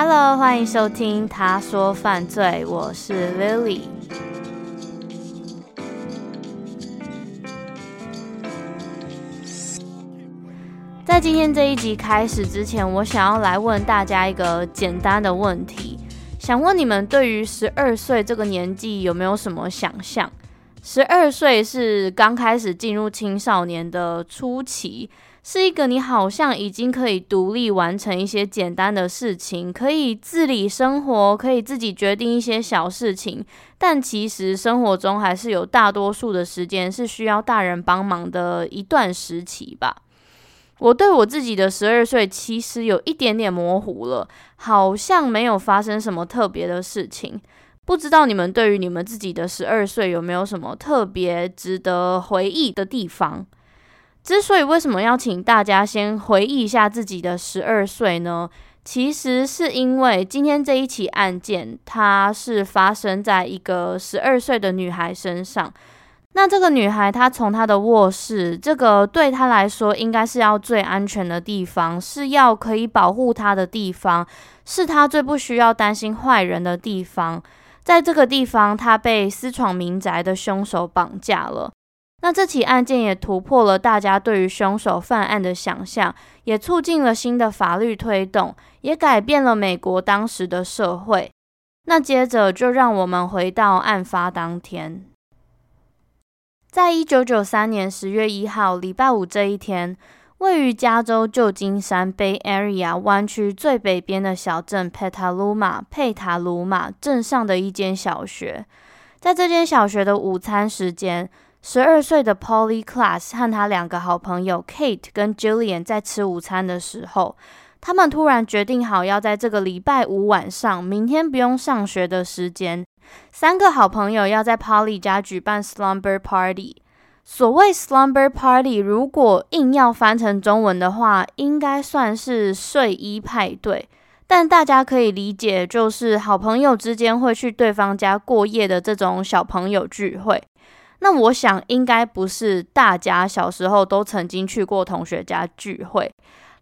Hello，歡迎收聽《他說犯罪》，我是 Lily。在今天這一集開始之前，我想要來問大家一個簡單的問題，想問你們對於十二歲這個年紀有沒有什麼想象？十二歲是剛開始進入青少年的初期。是一個你好像已經可以獨立完成一些簡單的事情，可以自理生活，可以自己決定一些小事情，但其實生活中還是有大多數的時間是需要大人幫忙的一段時期吧。我對我自己的十二歲其實有一點點模糊了，好像沒有發生什麼特別的事情。不知道你們對於你們自己的十二歲有沒有什麼特別值得回憶的地方？之所以為什麼要請大家先回憶一下自己的十二歲呢？其實是因為今天這一起案件，它是發生在一個十二歲的女孩身上。那這個女孩，她從她的臥室，這個對她來說應該是要最安全的地方，是要可以保護她的地方，是她最不需要擔心壞人的地方。在這個地方，她被私闖民宅的兇手綁架了。那這起案件也突破了大家對於兇手犯案的想象，也促進了新的法律推動，也改變了美國當時的社會。那接着就讓我們回到案發當天，在一九九三年十月一號禮拜五這一天，位於加州舊金山 Bay Area 灣區最北邊的小鎮佩塔魯馬，佩塔魯馬鎮上的一間小學，在這間小學的午餐時間。十二歲的 Polly Klaas 和他兩個好朋友 Kate 跟 Julian 在吃午餐的時候，他們突然決定好要在這個禮拜五晚上，明天不用上學的時間，三個好朋友要在 Polly 家舉辦 Slumber Party。所謂 Slumber Party，如果硬要翻成中文的話，應該算是睡衣派對，但大家可以理解，就是好朋友之間會去對方家過夜的這種小朋友聚會。那我想應該不是大家小時候都曾經去過同學家聚會，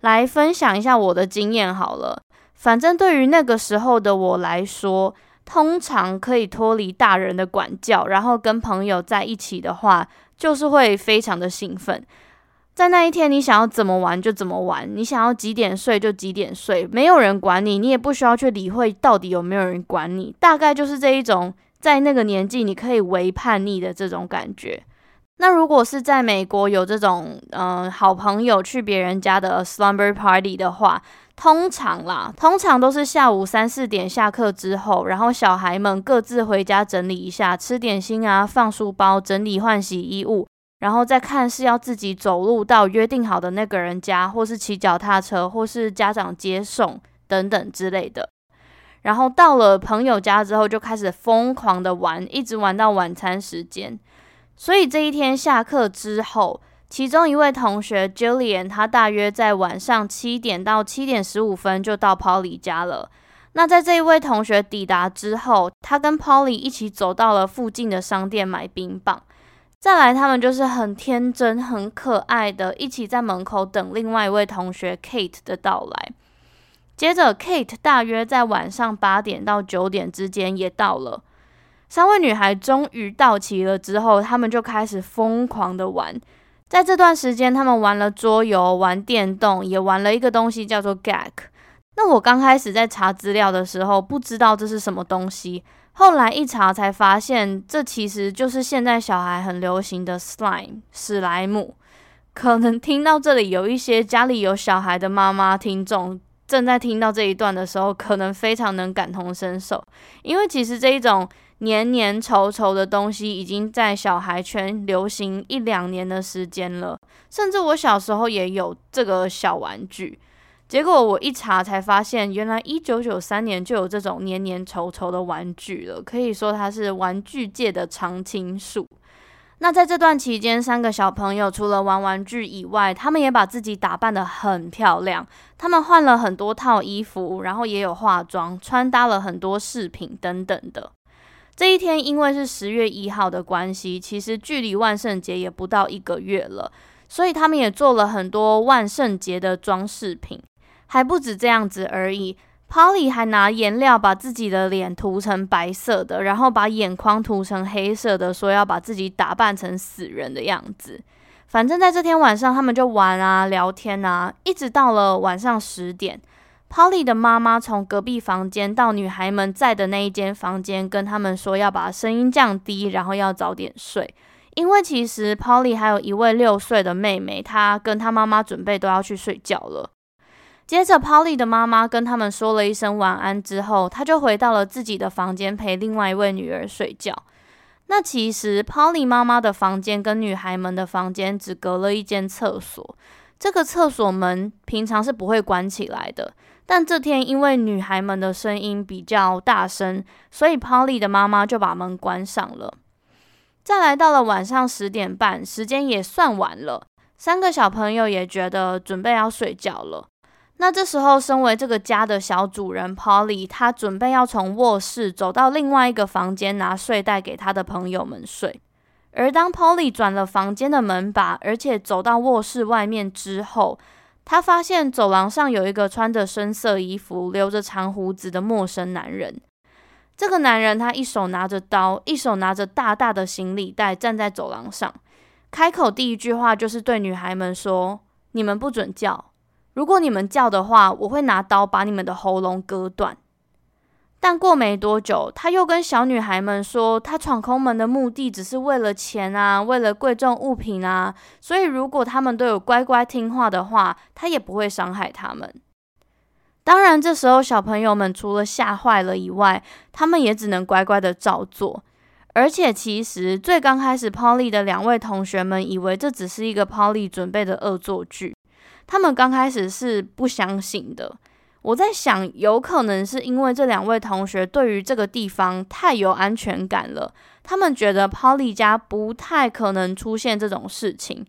來分享一下我的經驗好了。反正對於那個時候的我來說，通常可以脫離大人的管教，然後跟朋友在一起的話，就是會非常的興奮。在那一天，你想要怎麼玩就怎麼玩，你想要幾點睡就幾點睡，沒有人管你，你也不需要去理會到底有沒有人管你，大概就是這一種。在那個年紀，你可以違叛逆的這種感覺。那如果是在美國，有這種嗯、呃、好朋友去別人家的 slumber party 的話，通常啦，通常都是下午三四點下課之後，然後小孩們各自回家整理一下，吃點心啊，放書包，整理換洗衣物，然後再看是要自己走路到約定好的那個人家，或是騎腳踏車，或是家長接送等等之類的。然後到了朋友家之後，就開始瘋狂的玩，一直玩到晚餐時間。所以這一天下課之後，其中一位同學 Julian，他大約在晚上七點到七點十五分就到 Polly 家了。那在這一位同學抵達之後，他跟 Polly 一起走到了附近的商店買冰棒。再來，他們就是很天真、很可愛的，一起在門口等另外一位同學 Kate 的到來。接着，Kate 大約在晚上八點到九點之間也到了。三位女孩終於到齊了之後，她們就開始瘋狂的玩。在這段時間，她們玩了桌遊、玩電動，也玩了一個東西叫做 Gag。那我剛開始在查資料的時候，不知道這是什麼東西，後來一查才發現，這其實就是現在小孩很流行的 Slime 史萊姆。可能聽到這裡，有一些家裡有小孩的媽媽聽眾。正在聽到這一段的時候，可能非常能感同身受，因為其實這一種黏黏稠稠的東西已經在小孩圈流行一兩年的時間了，甚至我小時候也有這個小玩具。結果我一查才發現，原來一九九三年就有這種黏黏稠稠的玩具了，可以說它是玩具界的常青樹。那在這段期間，三個小朋友除了玩玩具以外，他們也把自己打扮得很漂亮。他們換了很多套衣服，然後也有化妝、穿搭了很多飾品等等的。這一天因為是十月一號的關係，其實距離萬聖節也不到一個月了，所以他們也做了很多萬聖節的裝飾品，還不止這樣子而已。Polly 還拿顏料把自己的臉塗成白色的，然後把眼眶塗成黑色的，說要把自己打扮成死人的樣子。反正在這天晚上，他們就玩啊、聊天啊，一直到了晚上十點。Polly 的媽媽從隔壁房間到女孩們在的那一間房間，跟他們說要把聲音降低，然後要早點睡，因為其實 Polly 還有一位六歲的妹妹，她跟她媽媽準備都要去睡覺了。接着，Polly 的媽媽跟他們說了一聲晚安之後，她就回到了自己的房間陪另外一位女兒睡覺。那其實，Polly 媽媽的房間跟女孩們的房間只隔了一間廁所，這個廁所門平常是不會關起來的。但這天因為女孩們的聲音比較大聲，所以 Polly 的媽媽就把門關上了。再來到了晚上十點半，時間也算晚了，三個小朋友也覺得準備要睡覺了。那這時候，身為這個家的小主人 Polly，他準備要從臥室走到另外一個房間拿睡袋給他的朋友們睡。而當 Polly 轉了房間的門把，而且走到臥室外面之後，他發現走廊上有一個穿着深色衣服、留着長鬍子的陌生男人。這個男人他一手拿着刀，一手拿着大大的行李袋，站在走廊上。開口第一句話就是對女孩們說：“你們不准叫。”如果你們叫的話，我會拿刀把你們的喉嚨割斷。但過沒多久，他又跟小女孩們說，他闖空門的目的只是為了錢啊，為了貴重物品啊。所以如果他們都有乖乖聽話的話，他也不會傷害他們。當然，這時候小朋友們除了嚇壞了以外，他們也只能乖乖的照做。而且，其實最剛開始 Polly 的兩位同學們以為這只是一個 Polly 準備的惡作劇。他們剛開始是不相信的。我在想，有可能是因為這兩位同學對於這個地方太有安全感了，他們覺得 Polly 家不太可能出現這種事情。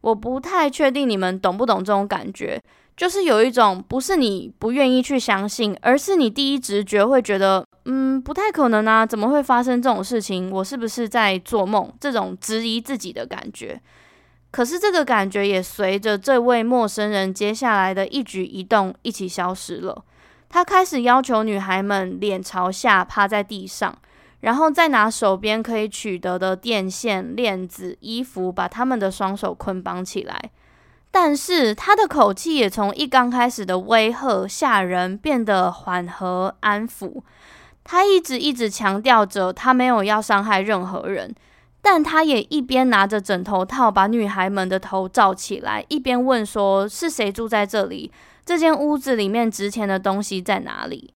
我不太確定你們懂不懂這種感覺，就是有一種不是你不願意去相信，而是你第一直覺會覺得，嗯，不太可能啊，怎麼會發生這種事情？我是不是在做夢？這種質疑自己的感覺。可是，這個感覺也隨着這位陌生人接下來的一舉一動一起消失了。他開始要求女孩們臉朝下趴在地上，然後再拿手邊可以取得的電線、鏈子、衣服把她們的雙手捆綁起來。但是，他的口氣也從一剛開始的威嚇嚇人，變得緩和安撫。他一直一直強調着他沒有要傷害任何人。但他也一邊拿着枕頭套把女孩們的頭罩起來，一邊問說：“是誰住在這裡？這間屋子裡面值錢的東西在哪裡？”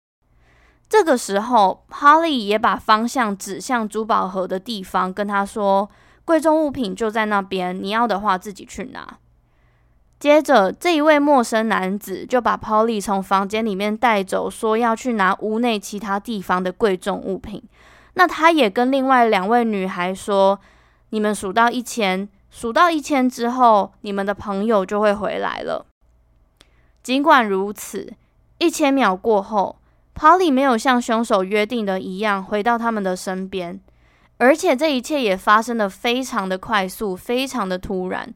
這個時候，Polly 也把方向指向珠寶盒的地方，跟他說：“貴重物品就在那邊，你要的話自己去拿。”接着，這一位陌生男子就把 Polly 從房間裡面帶走，說要去拿屋內其他地方的貴重物品。那他也跟另外兩位女孩說：“你們數到一千，數到一千之後，你們的朋友就會回來了。”儘管如此，一千秒過後，Polly 沒有像兇手約定的一樣回到他們的身邊，而且這一切也發生的非常的快速，非常的突然。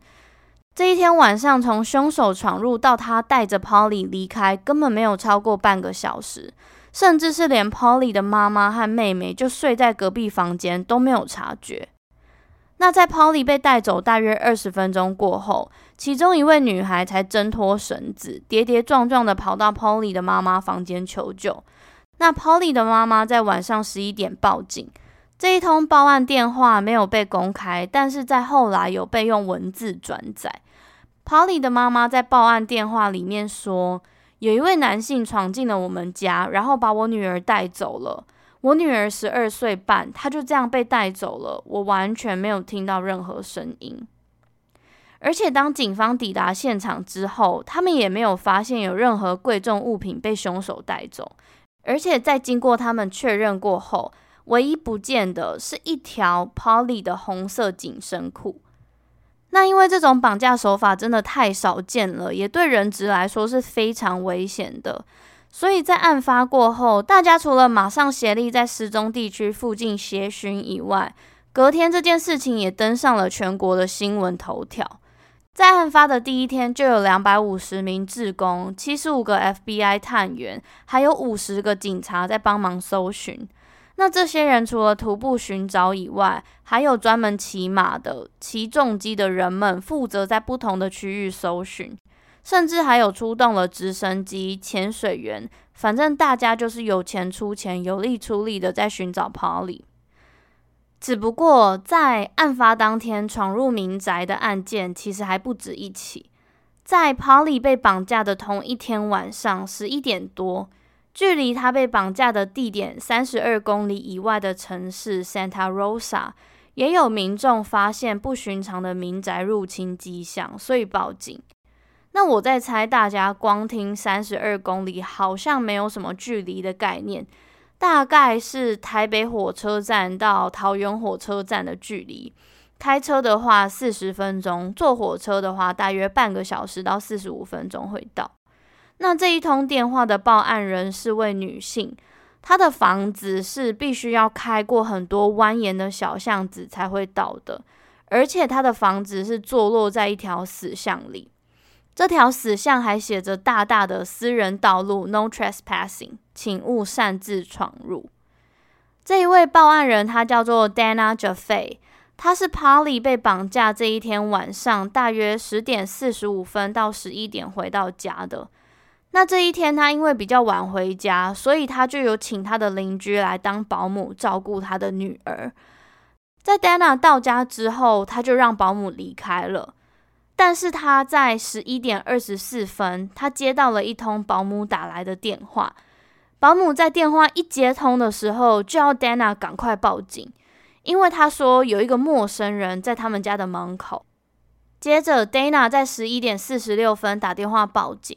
這一天晚上，從兇手闖入到他帶着 Polly 離開，根本沒有超過半個小時。甚至是連 Polly 的媽媽和妹妹就睡在隔壁房間都沒有察覺。那在 Polly 被帶走大約二十分鐘過後，其中一位女孩才掙脫繩子，跌跌撞撞的跑到 Polly 的媽媽房間求救。那 Polly 的媽媽在晚上十一點報警，這一通報案電話沒有被公開，但是在後來有被用文字轉載。Polly 的媽媽在報案電話裡面說，有一位男性闖進了我們家，然後把我女兒帶走了。我女兒十二歲半，她就這樣被帶走了。我完全沒有聽到任何聲音，而且當警方抵達現場之後，他們也沒有發現有任何貴重物品被凶手帶走。而且在經過他們確認過後，唯一不見的是一條 Polly 的紅色緊身褲。那因為這種綁架手法真的太少見了，也對人質來說是非常危險的。所以在案發過後，大家除了馬上協力在失蹤地區附近協尋以外，隔天這件事情也登上了全國的新聞頭條。在案發的第一天，就有兩百五十名志工、七十五個 FBI 探員，還有五十個警察在幫忙搜尋。那這些人除了徒步尋找以外，還有專門騎馬的、騎重機的人們負責在不同的區域搜尋，甚至還有出動了直升機、潛水員。反正大家就是有錢出錢、有力出力的在尋找 Polly。只不過在案發當天闖入民宅的案件其實還不止一起，在 Polly 被綁架的同一天晚上十一點多。距離他被綁架的地點三十二公里以外的城市 Santa Rosa，也有民眾發現不尋常的民宅入侵跡象，所以報警。那我在猜，大家光聽三十二公里，好像沒有什麼距離的概念，大概是台北火車站到桃園火車站的距離。開車的話四十分鐘，坐火車的話大約半個小時到四十五分鐘會到。那這一通電話的報案人是位女性，她的房子是必須要開過很多蜿蜒的小巷子才會到的，而且她的房子是坐落在一條死巷裡。這條死巷還寫着大大的私人道路 “No trespassing，請勿擅自闖入”。這一位報案人她叫做 Dana Jaffe，她是 Polly 被綁架這一天晚上大約十點四十五分到十一點回到家的。那這一天，他因為比較晚回家，所以他就有請他的鄰居來當保姆照顧他的女兒。在 Dana 到家之後，他就讓保姆離開了。但是他在十一點二十四分，他接到了一通保姆打來的電話。保姆在電話一接通的時候，就要 Dana 趕快報警，因為他說有一個陌生人在他們家的門口。接着，Dana 在十一點四十六分打電話報警。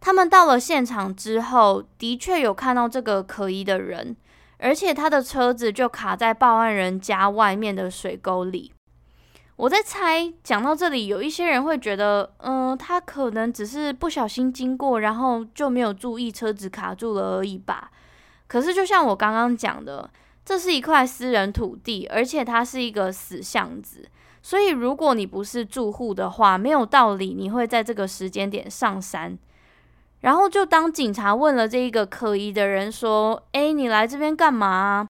他們到了現場之後，的確有看到這個可疑的人，而且他的車子就卡在報案人家外面的水溝裡。我在猜，講到這裡，有一些人會覺得，嗯，他可能只是不小心經過，然後就沒有注意車子卡住了而已吧。可是，就像我剛剛講的，這是一塊私人土地，而且它是一個死巷子，所以如果你不是住戶的話，沒有道理你會在這個時間點上山。然後就當警察問了這一個可疑的人說：“哎，你來這邊幹嘛？”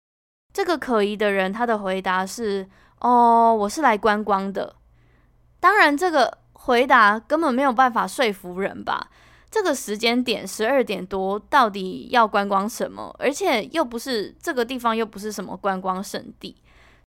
這個可疑的人他的回答是：“哦，我是來觀光的。”當然，這個回答根本沒有辦法說服人吧？這個時間點十二點多，到底要觀光什麼？而且又不是這個地方，又不是什麼觀光勝地。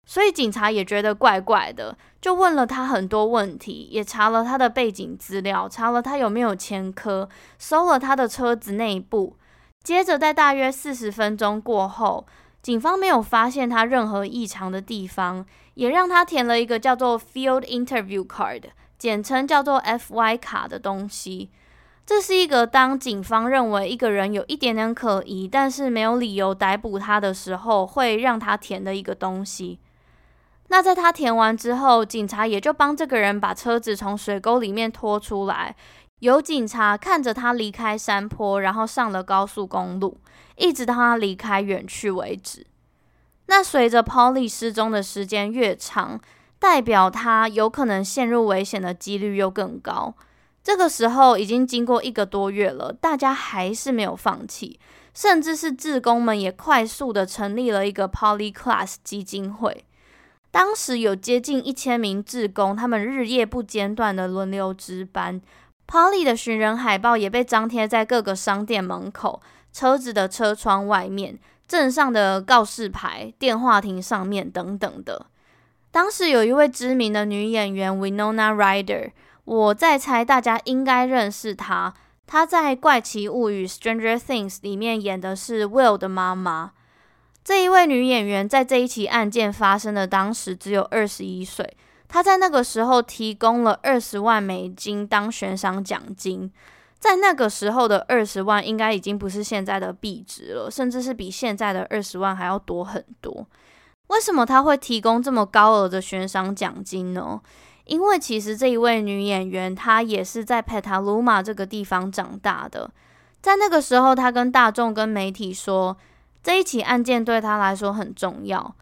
所以警察也覺得怪怪的，就問了他很多問題，也查了他的背景資料，查了他有沒有前科，搜了他的車子內部。接着，在大約四十分鐘過後，警方沒有發現他任何異常的地方，也讓他填了一個叫做 Field Interview Card，簡稱叫做 FY 卡的東西。這是一個當警方認為一個人有一點點可疑，但是沒有理由逮捕他的時候，會讓他填的一個東西。那在他填完之後，警察也就幫這個人把車子從水溝裡面拖出來。有警察看着他離開山坡，然後上了高速公路，一直到他離開遠去為止。那隨着 Polly 失蹤的時間越長，代表他有可能陷入危險的幾率又更高。這個時候已經經過一個多月了，大家還是沒有放棄，甚至是志工們也快速的成立了一個 Polly Klaas 基金會。當時有接近一千名志工，他們日夜不間斷的輪流值班。Polly 的尋人海報也被張貼在各個商店門口、車子的車窗外面、鎮上的告示牌、電話亭上面等等的。當時有一位知名的女演員 Winona Ryder，我在猜大家應該認識她。她在《怪奇物語》（Stranger Things） 裡面演的是 Will 的媽媽。這一位女演員在這一起案件發生的當時只有二十一歲，她在那個時候提供了二十萬美金當懸賞獎金，在那個時候的二十萬應該已經不是現在的幣值了，甚至是比現在的二十萬還要多很多。為什麼她會提供這麼高額的懸賞獎金呢？因為其實這一位女演員她也是在 Petaluma 這個地方長大的，在那個時候，她跟大眾跟媒體說。這一起案件對他來說很重要，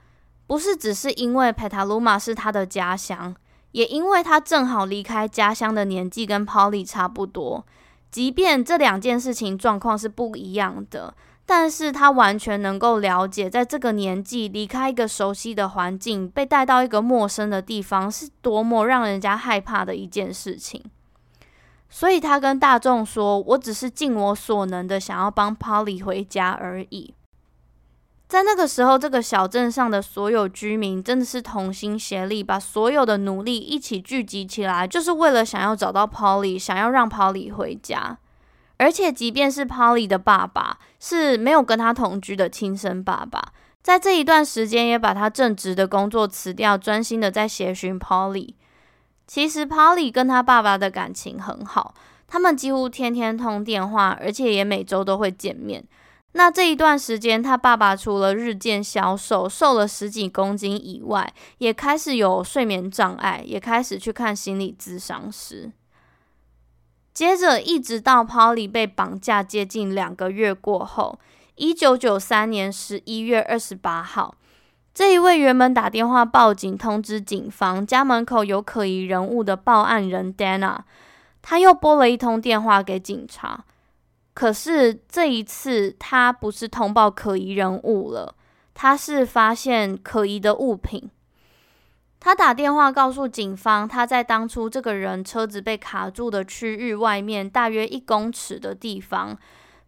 不是只是因為佩塔魯瑪是他的家鄉，也因為他正好離開家鄉的年紀跟 Polly 差不多。即便這兩件事情狀況是不一樣的，但是他完全能夠了解，在這個年紀離開一個熟悉的環境，被帶到一個陌生的地方，是多麼讓人家害怕的一件事情。所以，他跟大眾說：“我只是盡我所能的想要幫 Polly 回家而已。”在那個時候，這個小鎮上的所有居民真的是同心協力，把所有的努力一起聚集起來，就是為了想要找到 Polly，想要讓 Polly 回家。而且，即便是 Polly 的爸爸是沒有跟他同居的親生爸爸，在這一段時間也把他正職的工作辭掉，專心的在協尋 Polly。其實，Polly 跟他爸爸的感情很好，他們幾乎天天通電話，而且也每周都會見面。那這一段時間，他爸爸除了日漸消瘦，瘦了十幾公斤以外，也開始有睡眠障礙，也開始去看心理諮商師。接着，一直到 Polly 被綁架接近兩個月過後，一九九三年十一月二十八號，這一位原本打電話報警通知警方家門口有可疑人物的報案人 Dana，他又撥了一通電話給警察。可是這一次，他不是通報可疑人物了，他是發現可疑的物品。他打電話告訴警方，他在當初這個人車子被卡住的區域外面大約一公尺的地方，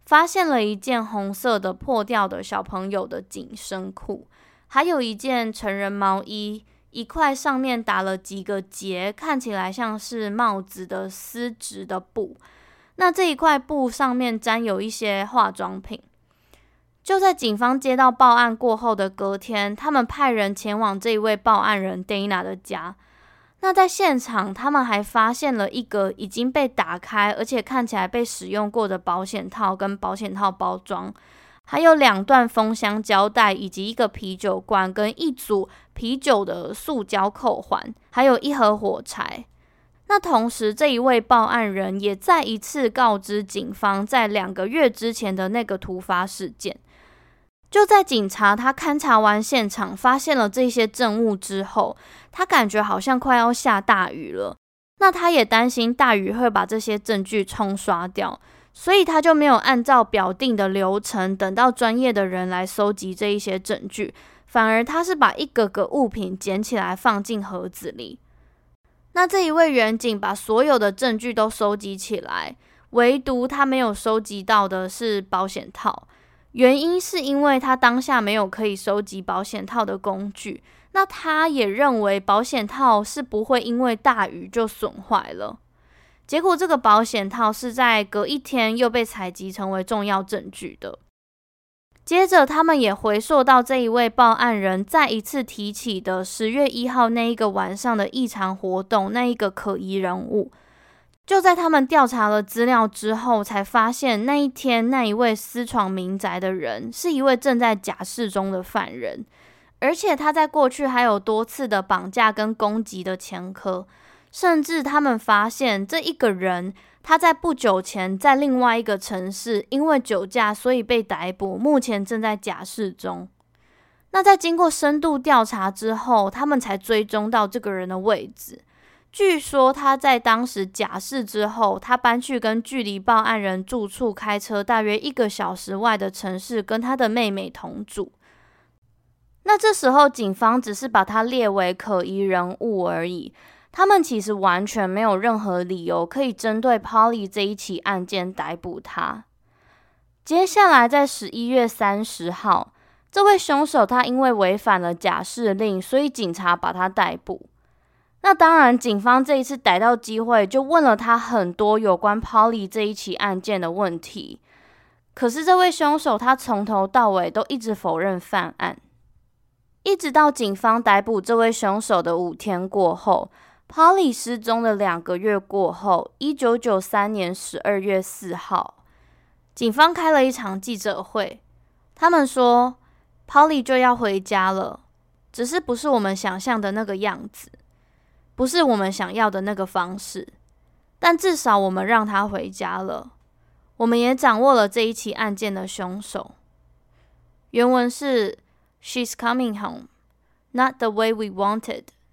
發現了一件紅色的破掉的小朋友的緊身褲，還有一件成人毛衣，一塊上面打了幾個結，看起來像是帽子的絲質的布。那這一塊布上面沾有一些化妝品。就在警方接到報案過後的隔天，他們派人前往這一位報案人 Dana 的家。那在現場，他們還發現了一個已經被打開而且看起來被使用過的保險套跟保險套包裝，還有兩段封箱膠帶，以及一個啤酒罐跟一組啤酒的塑膠扣環，還有一盒火柴。那同時，這一位報案人也再一次告知警方，在兩個月之前的那個突發事件。就在警察他勘察完現場，發現了這些證物之後，他感覺好像快要下大雨了。那他也擔心大雨會把這些證據沖刷掉，所以他就沒有按照表定的流程，等到專業的人來收集這一些證據，反而他是把一個個物品撿起來放進盒子裡。那這一位員警把所有的證據都收集起來，唯獨他沒有收集到的是保險套，原因是因為他當下沒有可以收集保險套的工具。那他也認為保險套是不會因為大雨就損壞了。結果這個保險套是在隔一天又被採集成為重要證據的。接着，他們也回溯到這一位報案人再一次提起的十月一號那一個晚上的異常活動，那一個可疑人物。就在他們調查了資料之後，才發現那一天那一位私闖民宅的人是一位正在假釋中的犯人，而且他在過去還有多次的綁架跟攻擊的前科，甚至他們發現這一個人。他在不久前在另外一個城市因為酒駕，所以被逮捕，目前正在假釋中。那在經過深度調查之後，他們才追蹤到這個人的位置。據說他在當時假釋之後，他搬去跟距離報案人住處開車大約一個小時外的城市，跟他的妹妹同住。那這時候警方只是把他列為可疑人物而已。他們其實完全沒有任何理由可以針對 Polly 這一起案件逮捕他。接下來，在十一月三十號，這位兇手他因為違反了假釋令，所以警察把他逮捕。那當然，警方這一次逮到機會，就問了他很多有關 Polly 這一起案件的問題。可是，這位兇手他從頭到尾都一直否認犯案，一直到警方逮捕這位兇手的五天過後。Polly 失蹤的兩個月過後，一九九三年十二月四號，警方開了一場記者會。他們說，Polly 就要回家了，只是不是我們想象的那個樣子，不是我們想要的那個方式。但至少我們讓她回家了，我們也掌握了這一起案件的凶手。原文是：She's coming home, not the way we wanted.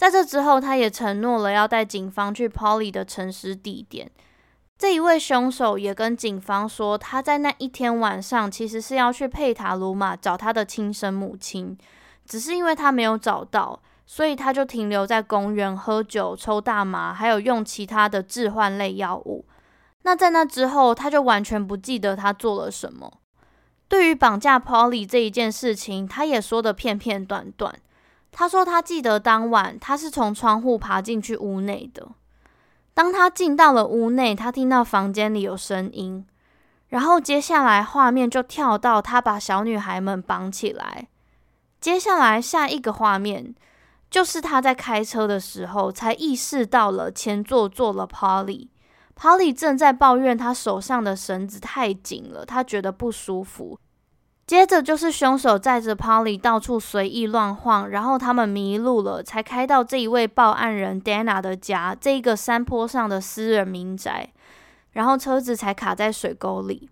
在這之後，他也承諾了要帶警方去 Polly 的陳屍地點。這一位凶手也跟警方說，他在那一天晚上其實是要去佩塔魯瑪找他的親生母親，只是因為他沒有找到，所以他就停留在公園喝酒、抽大麻，還有用其他的致幻類藥物。那在那之後，他就完全不記得他做了什麼。對於綁架 Polly 這一件事情，他也說得片片段段。他說：“他記得當晚他是從窗戶爬進去屋內的。當他進到了屋內，他聽到房間裡有聲音，然後接下來畫面就跳到他把小女孩們綁起來。接下來下一個畫面就是他在開車的時候才意識到了前座坐了 Polly，Polly 正在抱怨他手上的繩子太緊了，他覺得不舒服。”接着就是兇手載着 Polly 到處隨意亂晃，然後他們迷路了，才開到這一位報案人 Dana 的家，這個山坡上的私人民宅，然後車子才卡在水溝裡。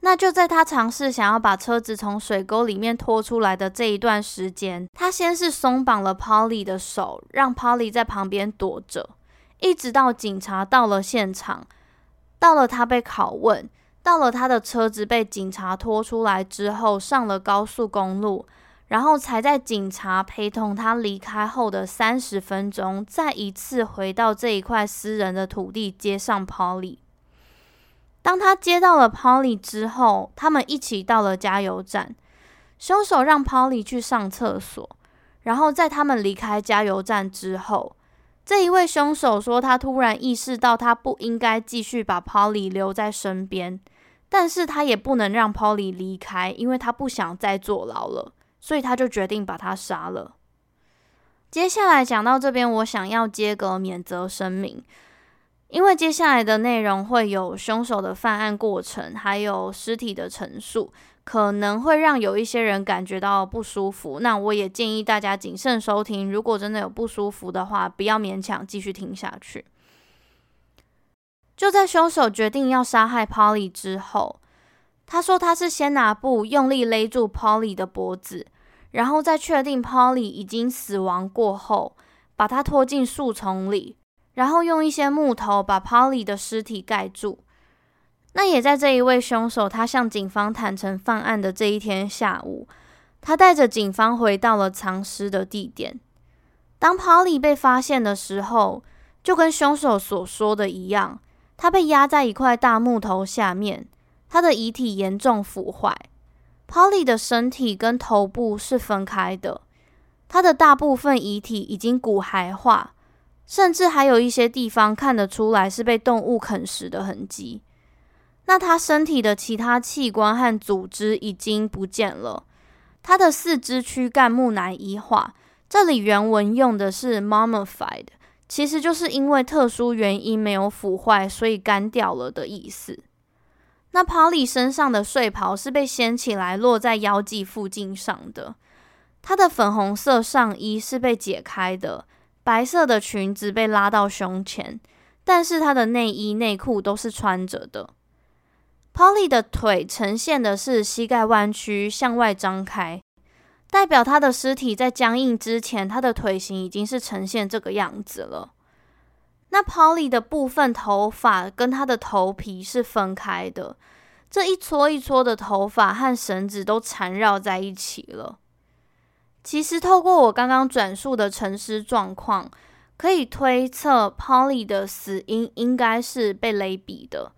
那就在他嘗試想要把車子從水溝裡面拖出來的這一段時間，他先是鬆綁了 Polly 的手，讓 Polly 在旁邊躲着，一直到警察到了現場，到了他被拷問。到了他的車子被警察拖出來之後，上了高速公路，然後才在警察陪同他離開後的三十分鐘，再一次回到這一塊私人的土地接上 Polly。當他接到了 Polly 之後，他們一起到了加油站，兇手讓 Polly 去上廁所，然後在他們離開加油站之後。這一位兇手說，他突然意識到他不應該繼續把 Polly 留在身邊，但是他也不能讓 Polly 離開，因為他不想再坐牢了，所以他就決定把他殺了。接下來講到這邊，我想要接個免責聲明，因為接下來的內容會有兇手的犯案過程，還有屍體的陳述。可能會讓有一些人感覺到不舒服，那我也建議大家謹慎收聽。如果真的有不舒服的話，不要勉強繼續聽下去。就在凶手決定要殺害 Polly 之後，他說他是先拿布用力勒住 Polly 的脖子，然後再確定 Polly 已經死亡過後，把她拖進樹叢裡，然後用一些木頭把 Polly 的屍體蓋住。那也在這一位兇手，他向警方坦承犯案的這一天下午，他帶着警方回到了藏屍的地點。當 Polly 被發現的時候，就跟兇手所說的一樣，他被壓在一塊大木頭下面，他的遺體嚴重腐壞。Polly 的身體跟頭部是分開的，他的大部分遺體已經骨骸化，甚至還有一些地方看得出來是被動物啃食的痕跡。那他身體的其他器官和組織已經不見了，他的四肢軀幹木乃伊化。這裡原文用的是 mummified，其實就是因為特殊原因沒有腐壞，所以乾掉了的意思。那 Polly 身上的睡袍是被掀起來落在腰際附近上的，他的粉紅色上衣是被解開的，白色的裙子被拉到胸前，但是他的內衣內褲都是穿着的。Polly 的腿呈現的是膝蓋彎曲向外張開，代表他的屍體在僵硬之前，他的腿型已經是呈現這個樣子了。那 Polly 的部分頭髮跟他的頭皮是分開的，這一撮一撮的頭髮和繩子都纏繞在一起了。其實透過我剛剛轉述的陳屍狀況，可以推測 Polly 的死因應該是被勒斃的。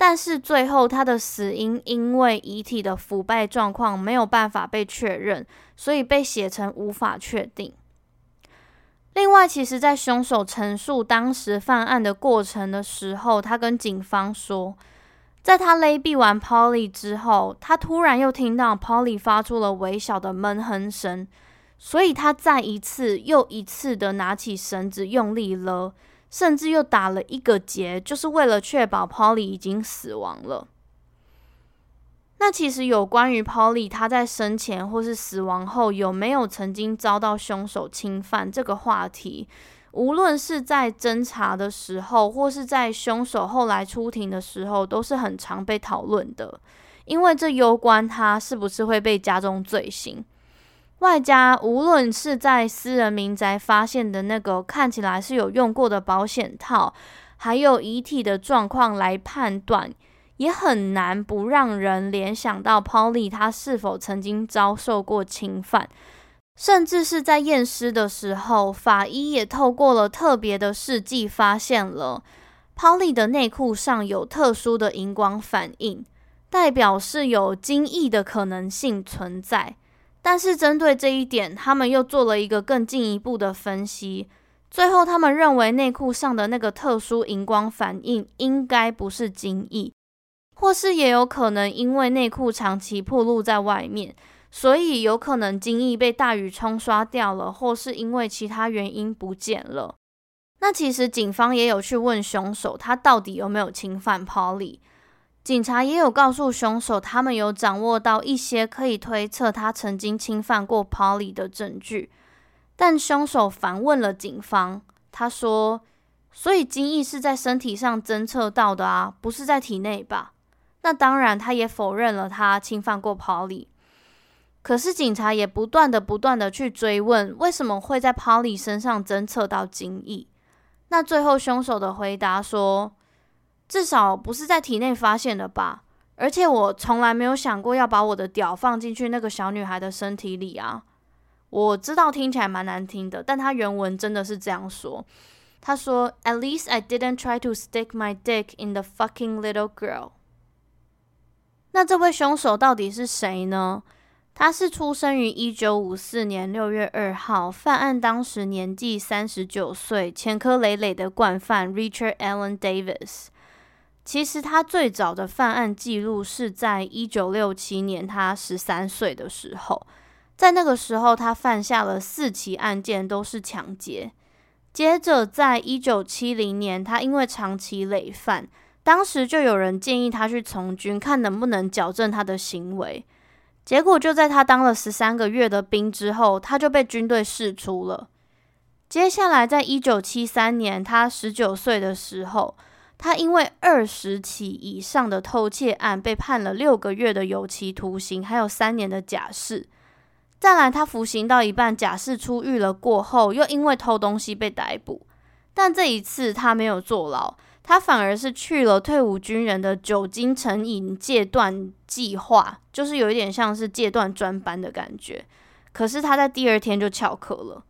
但是最後，他的死因因為遺體的腐敗狀況沒有辦法被確認，所以被寫成無法確定。另外，其實，在兇手陳述當時犯案的過程的時候，他跟警方說，在他勒斃完 Polly 之後，他突然又聽到 Polly 發出了微小的悶哼聲，所以他再一次又一次的拿起繩子用力勒。甚至又打了一個結，就是為了確保 Polly 已經死亡了。那其實有關於 Polly 他在生前或是死亡後有沒有曾經遭到凶手侵犯這個話題，無論是在偵查的時候，或是在凶手後來出庭的時候，都是很常被討論的，因為這攸關他是不是會被加重罪行。外加無論是在私人民宅發現的那個看起來是有用過的保險套，還有遺體的狀況來判斷，也很難不讓人聯想到 Polly 她是否曾經遭受過侵犯，甚至是在驗屍的時候，法醫也透過了特別的試劑發現了 Polly 的內褲上有特殊的熒光反應，代表是有精液的可能性存在。但是針對這一點，他們又做了一個更進一步的分析。最後，他們認為內褲上的那個特殊熒光反應應該不是精液，或是也有可能因為內褲長期暴露在外面，所以有可能精液被大雨沖刷掉了，或是因為其他原因不見了。那其實警方也有去問兇手，他到底有沒有侵犯 Polly 警察也有告訴兇手，他們有掌握到一些可以推測他曾經侵犯過 Polly 的證據，但兇手反問了警方，他說：“所以精液是在身體上偵測到的啊，不是在體內吧？”那當然，他也否認了他侵犯過 Polly。可是警察也不斷的不斷的去追問，為什麼會在 Polly 身上偵測到精液？那最後兇手的回答說。至少不是在體內發現的吧？而且我從來沒有想過要把我的屌放進去那個小女孩的身體裡啊！我知道聽起來蠻難聽的，但她原文真的是這樣說。她說：“At least I didn't try to stick my dick in the fucking little girl。”那這位凶手到底是誰呢？他是出生於一九五四年六月二號，犯案當時年紀三十九歲，前科累累的慣犯 Richard Allen Davis。其實他最早的犯案記錄是在一九六七年，他十三歲的時候，在那個時候他犯下了四起案件，都是搶劫。接着，在一九七零年，他因為長期累犯，當時就有人建議他去從軍，看能不能矯正他的行為。結果就在他當了十三個月的兵之後，他就被軍隊釋出了。接下來，在一九七三年，他十九歲的時候。他因為二十起以上的偷竊案被判了六個月的有期徒刑，還有三年的假釋。再來，他服刑到一半，假釋出獄了過後，又因為偷東西被逮捕，但這一次他沒有坐牢，他反而是去了退伍軍人的酒精成癮戒斷計劃，就是有一點像是戒斷專班的感覺。可是他在第二天就翹課了。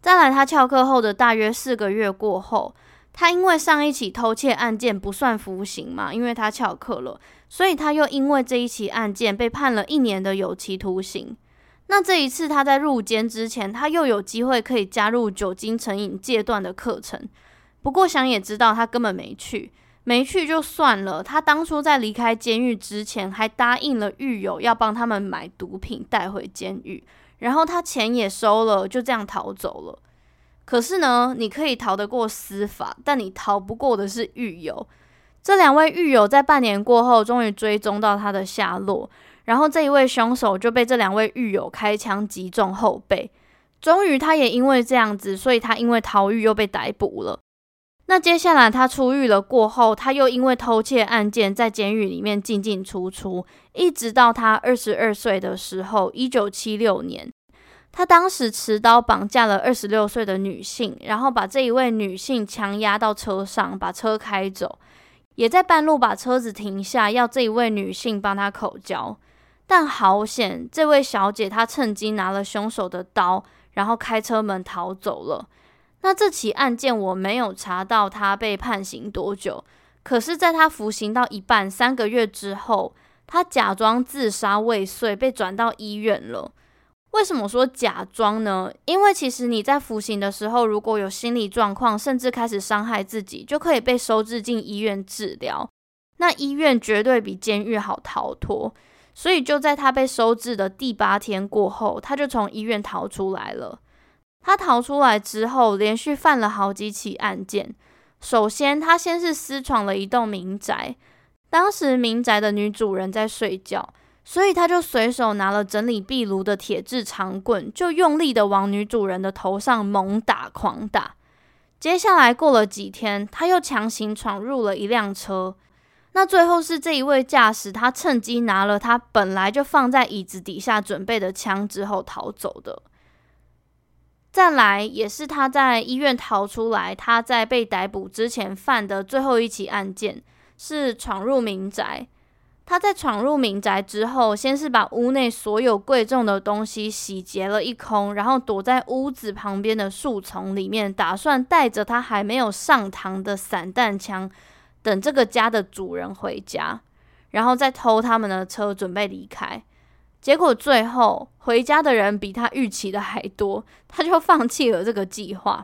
再來，他翹課後的大約四個月過後。他因為上一起偷竊案件不算服刑嘛，因為他翹課了，所以他又因為這一起案件被判了一年的有期徒刑。那這一次他在入監之前，他又有機會可以加入酒精成癮戒斷的課程，不過想也知道他根本沒去，沒去就算了。他當初在離開監獄之前，還答應了獄友要幫他們買毒品帶回監獄，然後他錢也收了，就這樣逃走了。可是呢，你可以逃得過司法，但你逃不過的是獄友。這兩位獄友在半年過後，終於追蹤到他的下落，然後這一位兇手就被這兩位獄友開槍擊中後背，終於他也因為這樣子，所以他因為逃獄又被逮捕了。那接下來他出獄了過後，他又因為偷竊案件在監獄裡面進進出出，一直到他二十二歲的時候，一九七六年。他當時持刀綁架了二十六歲的女性，然後把這一位女性強壓到車上，把車開走，也在半路把車子停下，要這一位女性幫他口交。但好險，這位小姐她趁機拿了凶手的刀，然後開車門逃走了。那這起案件我沒有查到她被判刑多久，可是，在她服刑到一半三個月之後，她假裝自殺未遂，被轉到醫院了。為什麼說假裝呢？因為其實你在服刑的時候，如果有心理狀況，甚至開始傷害自己，就可以被收治進醫院治療。那醫院絕對比監獄好逃脫，所以就在他被收治的第八天過後，他就從醫院逃出來了。他逃出來之後，連續犯了好幾起案件。首先，他先是私闖了一棟民宅，當時民宅的女主人在睡覺。所以他就隨手拿了整理壁爐的鐵質長棍，就用力的往女主人的頭上猛打狂打。接下來過了幾天，他又強行闖入了一輛車。那最後是這一位駕駛，他趁機拿了他本來就放在椅子底下準備的槍，之後逃走的。再來也是他在醫院逃出來，他在被逮捕之前犯的最後一起案件是闖入民宅。他在闖入民宅之後，先是把屋內所有貴重的東西洗劫了一空，然後躲在屋子旁邊的樹叢裡面，打算帶着他還沒有上膛的散彈槍，等這個家的主人回家，然後再偷他們的車準備離開。結果最後回家的人比他預期的還多，他就放棄了這個計劃。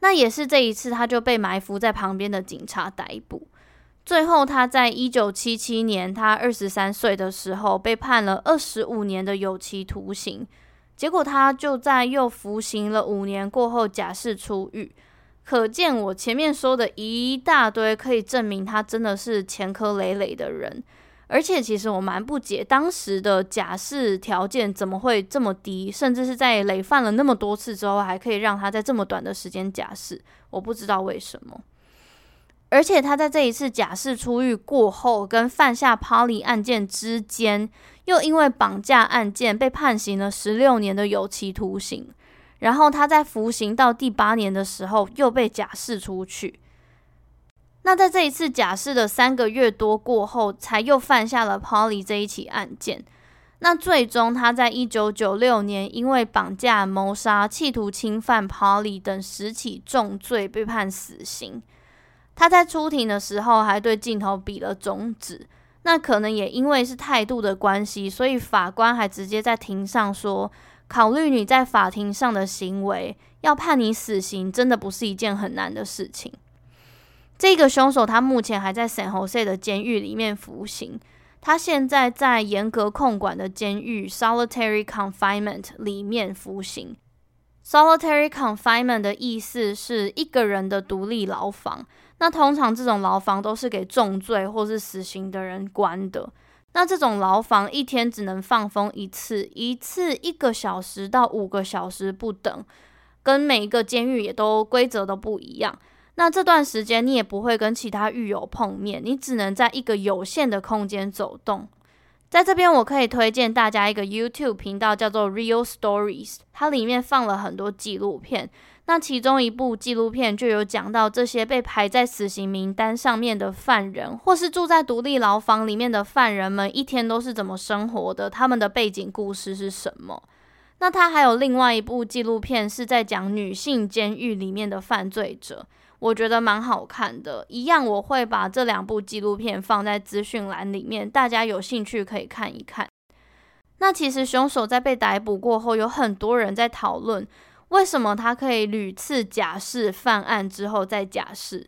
那也是這一次，他就被埋伏在旁邊的警察逮捕。最後，他在一九七七年，他二十三歲的時候，被判了二十五年的有期徒刑。結果，他就在又服刑了五年過後，假釋出獄。可見我前面說的一大堆，可以證明他真的是前科累累的人。而且，其實我蠻不解，當時的假釋條件怎麼會這麼低，甚至是在累犯了那麼多次之後，還可以讓他在這麼短的時間假釋。我不知道為什麼。而且他在這一次假釋出獄過後，跟犯下 Polly 案件之間，又因為綁架案件被判刑了十六年的有期徒刑。然後他在服刑到第八年的時候，又被假釋出去。那在這一次假釋的三個月多過後，才又犯下了 Polly 這一起案件。那最終他在一九九六年，因為綁架、謀殺、企圖侵犯 Polly 等十起重罪，被判死刑。他在出庭的時候還對鏡頭比了中指，那可能也因為是態度的關係，所以法官還直接在庭上說：“考慮你在法庭上的行為，要判你死刑，真的不是一件很難的事情。”這個兇手他目前還在 San Jose 的監獄裡面服刑，他現在在嚴格控管的監獄 （solitary confinement） 裡面服刑。solitary confinement 的意思是一個人的獨立牢房。那通常這種牢房都是給重罪或是死刑的人關的。那這種牢房一天只能放風一次，一次一個小時到五個小時不等，跟每一個監獄也都規則都不一樣。那這段時間你也不會跟其他獄友碰面，你只能在一個有限的空間走動。在這邊我可以推薦大家一個 YouTube 頻道叫做 Real Stories，它裡面放了很多紀錄片。那其中一部紀錄片就有講到這些被排在死刑名單上面的犯人，或是住在獨立牢房裡面的犯人們一天都是怎麼生活的，他們的背景故事是什麼？那他還有另外一部紀錄片是在講女性監獄裡面的犯罪者，我覺得蠻好看的。一樣，我會把這兩部紀錄片放在資訊欄裡面，大家有興趣可以看一看。那其實兇手在被逮捕過後，有很多人在討論。為什麼他可以屢次假釋犯案之後再假釋？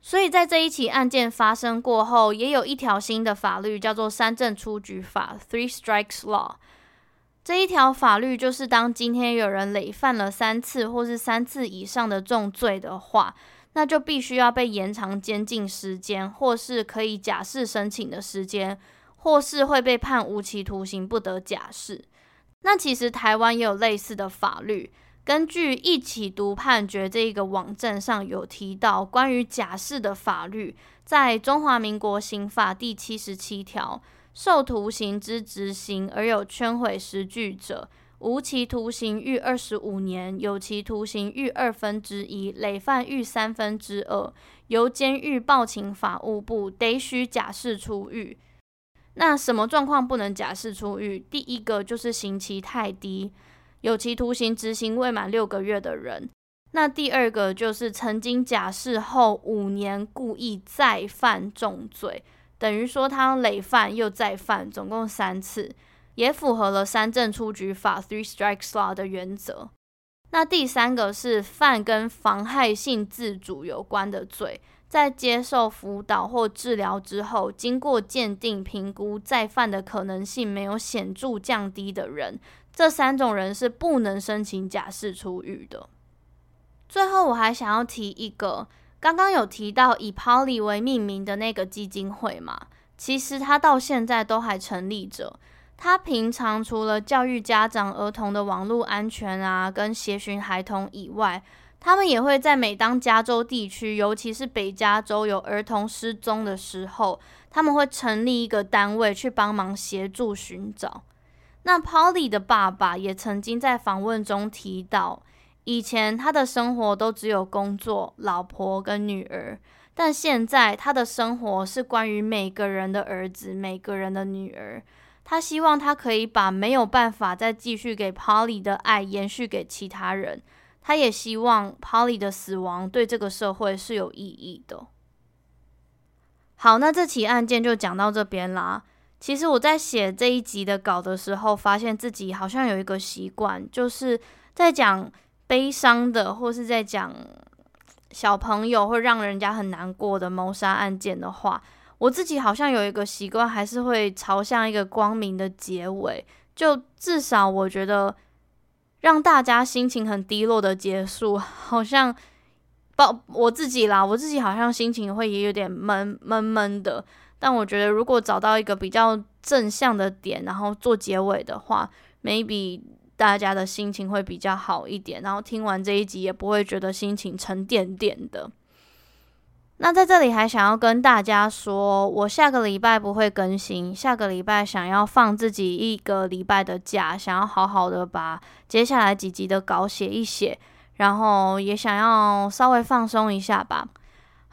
所以在這一起案件發生過後，也有一條新的法律叫做“三振出局法 ”（Three Strikes Law）。這一條法律就是，當今天有人累犯了三次或是三次以上的重罪的話，那就必須要被延長監禁時間，或是可以假釋申請的時間，或是會被判無期徒刑不得假釋。那其實台灣也有類似的法律。根據一起讀判決這個網站上有提到，關於假釋的法律，在中華民國刑法第七十七條，受徒刑之執行而有悛悔實據者，無期徒刑逾二十五年，有期徒刑逾二分之一，累犯逾三分之二，由監獄報請法務部得許假釋出獄。那什麼狀況不能假釋出獄？第一個就是刑期太低。有期徒刑執行未滿六個月的人，那第二個就是曾經假釋後五年故意再犯重罪，等於說他累犯又再犯，總共三次，也符合了三振出局法 （Three Strikes Law） 的原則。那第三個是犯跟妨害性自主有關的罪，在接受輔導或治療之後，經過鑑定評估，再犯的可能性沒有顯著降低的人。這三種人是不能申請假釋出獄的。最後，我還想要提一個，剛剛有提到以 Polly 為命名的那個基金會嘛，其實他到現在都還成立着。他平常除了教育家長、兒童的網絡安全啊，跟協尋孩童以外，他們也會在每當加州地區，尤其是北加州有兒童失蹤的時候，他們會成立一個單位去幫忙協助尋找。那 Polly 的爸爸也曾經在訪問中提到，以前他的生活都只有工作、老婆跟女兒，但現在他的生活是關於每個人的兒子、每個人的女兒。他希望他可以把沒有辦法再繼續給 Polly 的愛延續給其他人。他也希望 Polly 的死亡對這個社會是有意義的。好，那這起案件就講到這邊啦。其實我在寫這一集的稿的時候，發現自己好像有一個習慣，就是在講悲傷的，或是在講小朋友會讓人家很難過的謀殺案件的話，我自己好像有一個習慣，還是會朝向一個光明的結尾。就至少我覺得，讓大家心情很低落的結束，好像不我自己啦，我自己好像心情會也有點悶悶悶的。但我覺得，如果找到一個比較正向的點，然後做結尾的話，maybe 大家的心情會比較好一點。然後聽完這一集也不會覺得心情沉甸甸的。那在這裡還想要跟大家說，我下個禮拜不會更新，下個禮拜想要放自己一個禮拜的假，想要好好的把接下來幾集的稿寫一寫，然後也想要稍微放鬆一下吧。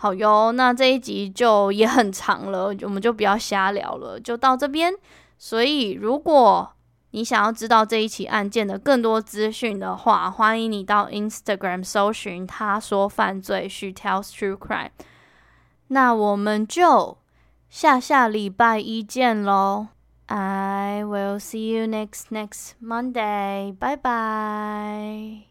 好喲，那這一集就也很長了，我們就不要瞎聊了，就到這邊。所以，如果你想要知道這一起案件的更多資訊的話，歡迎你到 Instagram 搜尋他說犯罪，She Tells True Crime。那我們就下下禮拜一見嘍，I will see you next next Monday，拜拜。